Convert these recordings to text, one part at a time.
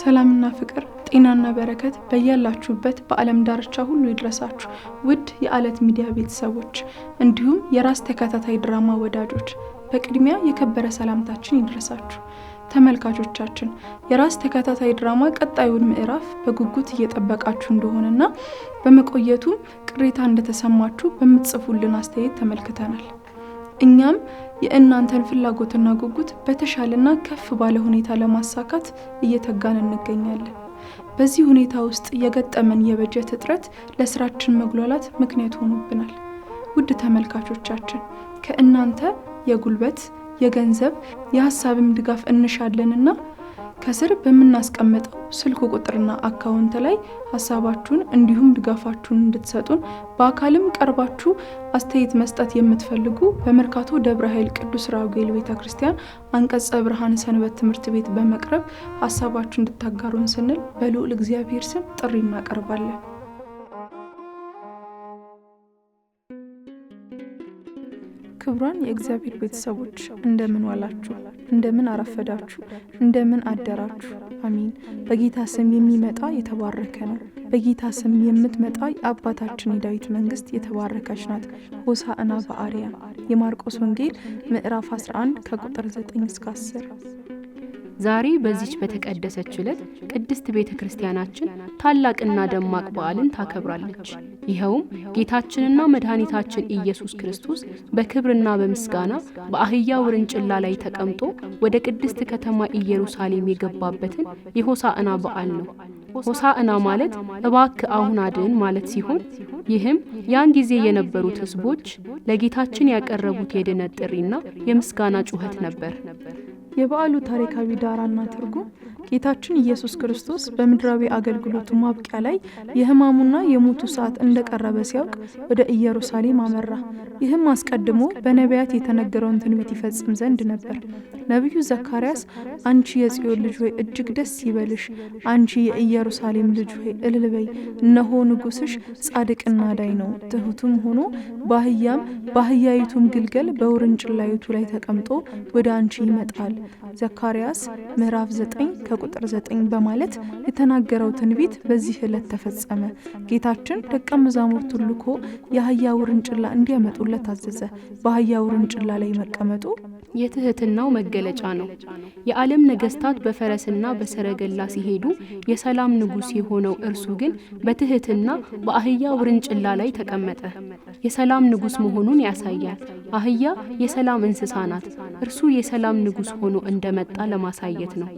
ሰላምና ፍቅር ጤናና በረከት በያላችሁበት በዓለም ዳርቻ ሁሉ ይድረሳችሁ ውድ የአለት ሚዲያ ቤተሰቦች እንዲሁም የራስ ተከታታይ ድራማ ወዳጆች በቅድሚያ የከበረ ሰላምታችን ይድረሳችሁ። ተመልካቾቻችን የራስ ተከታታይ ድራማ ቀጣዩን ምዕራፍ በጉጉት እየጠበቃችሁ እንደሆነና በመቆየቱም ቅሬታ እንደተሰማችሁ በምትጽፉልን አስተያየት ተመልክተናል። እኛም የእናንተን ፍላጎትና ጉጉት በተሻለና ከፍ ባለ ሁኔታ ለማሳካት እየተጋን እንገኛለን። በዚህ ሁኔታ ውስጥ የገጠመን የበጀት እጥረት ለስራችን መጉላላት ምክንያት ሆኖብናል። ውድ ተመልካቾቻችን ከእናንተ የጉልበት፣ የገንዘብ፣ የሀሳብም ድጋፍ እንሻለንና ከስር በምናስቀምጠው ስልክ ቁጥርና አካውንት ላይ ሀሳባችሁን እንዲሁም ድጋፋችሁን እንድትሰጡን በአካልም ቀርባችሁ አስተያየት መስጠት የምትፈልጉ በመርካቶ ደብረ ኃይል ቅዱስ ራጉኤል ቤተ ክርስቲያን አንቀጸ ብርሃን ሰንበት ትምህርት ቤት በመቅረብ ሀሳባችሁ እንድታጋሩን ስንል በልዑል እግዚአብሔር ስም ጥሪ እናቀርባለን። ክብሯን የእግዚአብሔር ቤተሰቦች እንደምን ዋላችሁ? እንደምን አረፈዳችሁ? እንደምን አደራችሁ? አሚን። በጌታ ስም የሚመጣ የተባረከ ነው። በጌታ ስም የምትመጣ የአባታችን የዳዊት መንግስት የተባረከች ናት። ሆሳዕና በአርያም የማርቆስ ወንጌል ምዕራፍ 11 ከቁጥር 9 እስከ 10። ዛሬ በዚች በተቀደሰች ዕለት ቅድስት ቤተ ክርስቲያናችን ታላቅና ደማቅ በዓልን ታከብራለች። ይኸውም ጌታችንና መድኃኒታችን ኢየሱስ ክርስቶስ በክብርና በምስጋና በአህያ ውርንጭላ ላይ ተቀምጦ ወደ ቅድስት ከተማ ኢየሩሳሌም የገባበትን የሆሳዕና በዓል ነው። ሆሳዕና ማለት እባክ አሁን አድን ማለት ሲሆን ይህም ያን ጊዜ የነበሩት ሕዝቦች ለጌታችን ያቀረቡት የድነት ጥሪና የምስጋና ጩኸት ነበር። የበዓሉ ታሪካዊ ዳራና ትርጉም ጌታችን ኢየሱስ ክርስቶስ በምድራዊ አገልግሎቱ ማብቂያ ላይ የሕማሙና የሞቱ ሰዓት እንደቀረበ ሲያውቅ ወደ ኢየሩሳሌም አመራ። ይህም አስቀድሞ በነቢያት የተነገረውን ትንቢት ይፈጽም ዘንድ ነበር። ነቢዩ ዘካርያስ አንቺ የጽዮን ልጅ ሆይ እጅግ ደስ ይበልሽ፣ አንቺ የኢየሩሳሌም ልጅ ሆይ እልልበይ፣ እነሆ ንጉሥሽ ጻድቅና ዳይ ነው፣ ትሑትም ሆኖ በአህያም በአህያይቱም ግልገል በውርንጭላይቱ ላይ ተቀምጦ ወደ አንቺ ይመጣል። ዘካርያስ ምዕራፍ 9 ቁጥር ዘጠኝ በማለት የተናገረው ትንቢት በዚህ ዕለት ተፈጸመ። ጌታችን ደቀ መዛሙርቱን ልኮ የአህያ ውርንጭላ እንዲያመጡለት አዘዘ። በአህያ ውርንጭላ ላይ መቀመጡ የትህትናው መገለጫ ነው። የዓለም ነገስታት በፈረስና በሰረገላ ሲሄዱ የሰላም ንጉስ የሆነው እርሱ ግን በትህትና በአህያ ውርንጭላ ላይ ተቀመጠ። የሰላም ንጉስ መሆኑን ያሳያል። አህያ የሰላም እንስሳ ናት። እርሱ የሰላም ንጉስ ሆኖ እንደመጣ ለማሳየት ነው።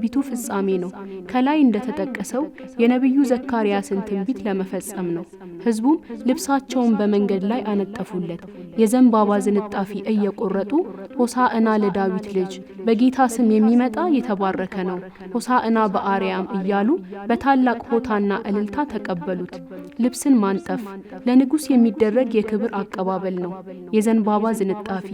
የትንቢቱ ፍጻሜ ነው። ከላይ እንደተጠቀሰው የነቢዩ ዘካርያስን ትንቢት ለመፈጸም ነው። ህዝቡም ልብሳቸውን በመንገድ ላይ አነጠፉለት። የዘንባባ ዝንጣፊ እየቆረጡ ሆሳዕና ለዳዊት ልጅ በጌታ ስም የሚመጣ የተባረከ ነው ሆሳዕና በአርያም እያሉ በታላቅ ሆታና እልልታ ተቀበሉት። ልብስን ማንጠፍ ለንጉሥ የሚደረግ የክብር አቀባበል ነው። የዘንባባ ዝንጣፊ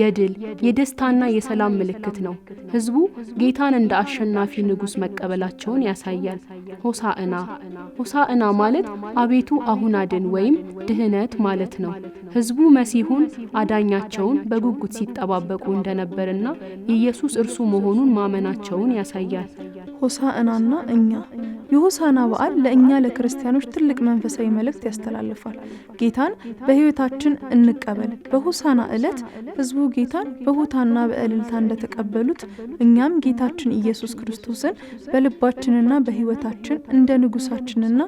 የድል የደስታና የሰላም ምልክት ነው። ሕዝቡ ጌታን እንደ አሸናፊ ንጉሥ መቀበላቸውን ያሳያል። ሆሳዕና ሆሳዕና ማለት አቤቱ አሁን አድን ወይም ድህነት ማለት ነው። ሕዝቡ መሲሁ ሲሆን አዳኛቸውን በጉጉት ሲጠባበቁ እንደነበርና ኢየሱስ እርሱ መሆኑን ማመናቸውን ያሳያል። ሆሳዕናና እኛ የሆሳና በዓል ለእኛ ለክርስቲያኖች ትልቅ መንፈሳዊ መልእክት ያስተላልፋል። ጌታን በሕይወታችን እንቀበል። በሆሳና ዕለት ሕዝቡ ጌታን በሆታና በእልልታ እንደተቀበሉት እኛም ጌታችን ኢየሱስ ክርስቶስን በልባችንና በሕይወታችን እንደ ንጉሳችንና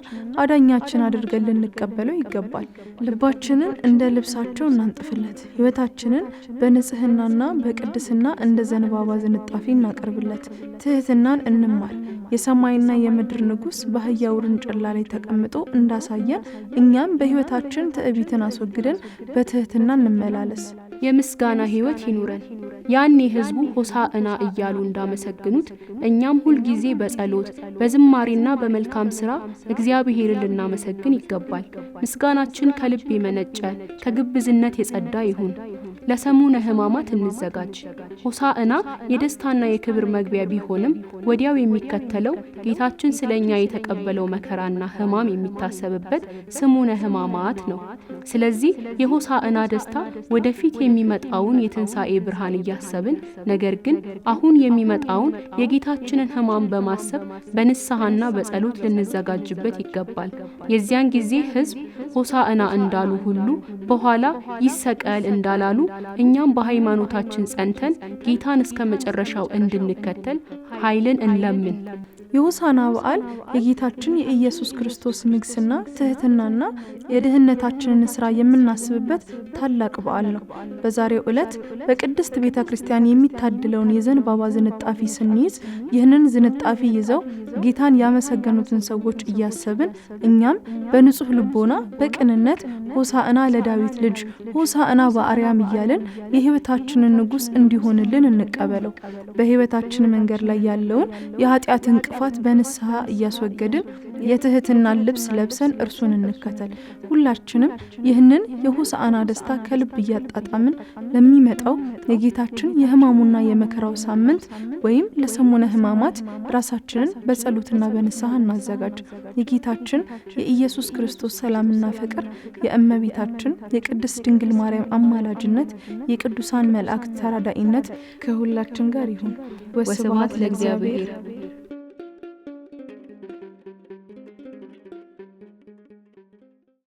አዳኛችን አድርገን ልንቀበለው ይገባል። ልባችንን እንደ ልብሳቸው እናንጥፍለት። ሕይወታችንን በንጽህናና በቅድስና እንደ ዘንባባ ዝንጣፊ እናቀርብለት። ትህትናን እንማር። የሰማይና የምድር ንጉስ በአህያ ውርንጭላ ላይ ተቀምጦ እንዳሳየን እኛም በህይወታችን ትዕቢትን አስወግደን በትህትና እንመላለስ። የምስጋና ህይወት ይኑረን። ያኔ ሆሳ ሆሳዕና እያሉ እንዳመሰግኑት እኛም ሁልጊዜ በጸሎት በዝማሬና በመልካም ስራ እግዚአብሔርን ልናመሰግን ይገባል። ምስጋናችን ከልብ የመነጨ ከግብዝነት የጸዳ ይሁን። ለሰሙነ ሕማማት እንዘጋጅ። ሆሳዕና የደስታና የክብር መግቢያ ቢሆንም ወዲያው የሚከተለው ጌታችን ስለ እኛ የተቀበለው መከራና ሕማም የሚታሰብበት ስሙነ ሕማማት ነው። ስለዚህ የሆሳዕና ደስታ ወደፊት የሚመጣውን የትንሣኤ ብርሃን እያሰብን ነገር ግን አሁን የሚመጣውን የጌታችንን ሕማም በማሰብ በንስሐና በጸሎት ልንዘጋጅበት ይገባል። የዚያን ጊዜ ሕዝብ ሆሳዕና እንዳሉ ሁሉ በኋላ ይሰቀል እንዳላሉ እኛም በሃይማኖታችን ጸንተን ጌታን እስከ መጨረሻው እንድንከተል ኃይልን እንለምን። የሆሳና በዓል የጌታችን የኢየሱስ ክርስቶስ ንግስና ትህትናና የድህነታችንን ስራ የምናስብበት ታላቅ በዓል ነው። በዛሬው ዕለት በቅድስት ቤተ ክርስቲያን የሚታድለውን የዘንባባ ዝንጣፊ ስንይዝ ይህንን ዝንጣፊ ይዘው ጌታን ያመሰገኑትን ሰዎች እያሰብን እኛም በንጹህ ልቦና በቅንነት ሆሳዕና ለዳዊት ልጅ ሆሳዕና በአርያም እያልን የህይወታችንን ንጉስ እንዲሆንልን እንቀበለው። በህይወታችን መንገድ ላይ ያለውን የኃጢአትን እንቅፋት መገፋፋት በንስሐ እያስወገድን የትህትናን ልብስ ለብሰን እርሱን እንከተል። ሁላችንም ይህንን የሆሳዕና ደስታ ከልብ እያጣጣምን ለሚመጣው የጌታችን የህማሙና የመከራው ሳምንት ወይም ለሰሙነ ህማማት ራሳችንን በጸሎትና በንስሐ እናዘጋጅ። የጌታችን የኢየሱስ ክርስቶስ ሰላምና ፍቅር፣ የእመቤታችን የቅድስት ድንግል ማርያም አማላጅነት፣ የቅዱሳን መላእክት ተራዳኢነት ከሁላችን ጋር ይሁን። ወስብሐት ለእግዚአብሔር።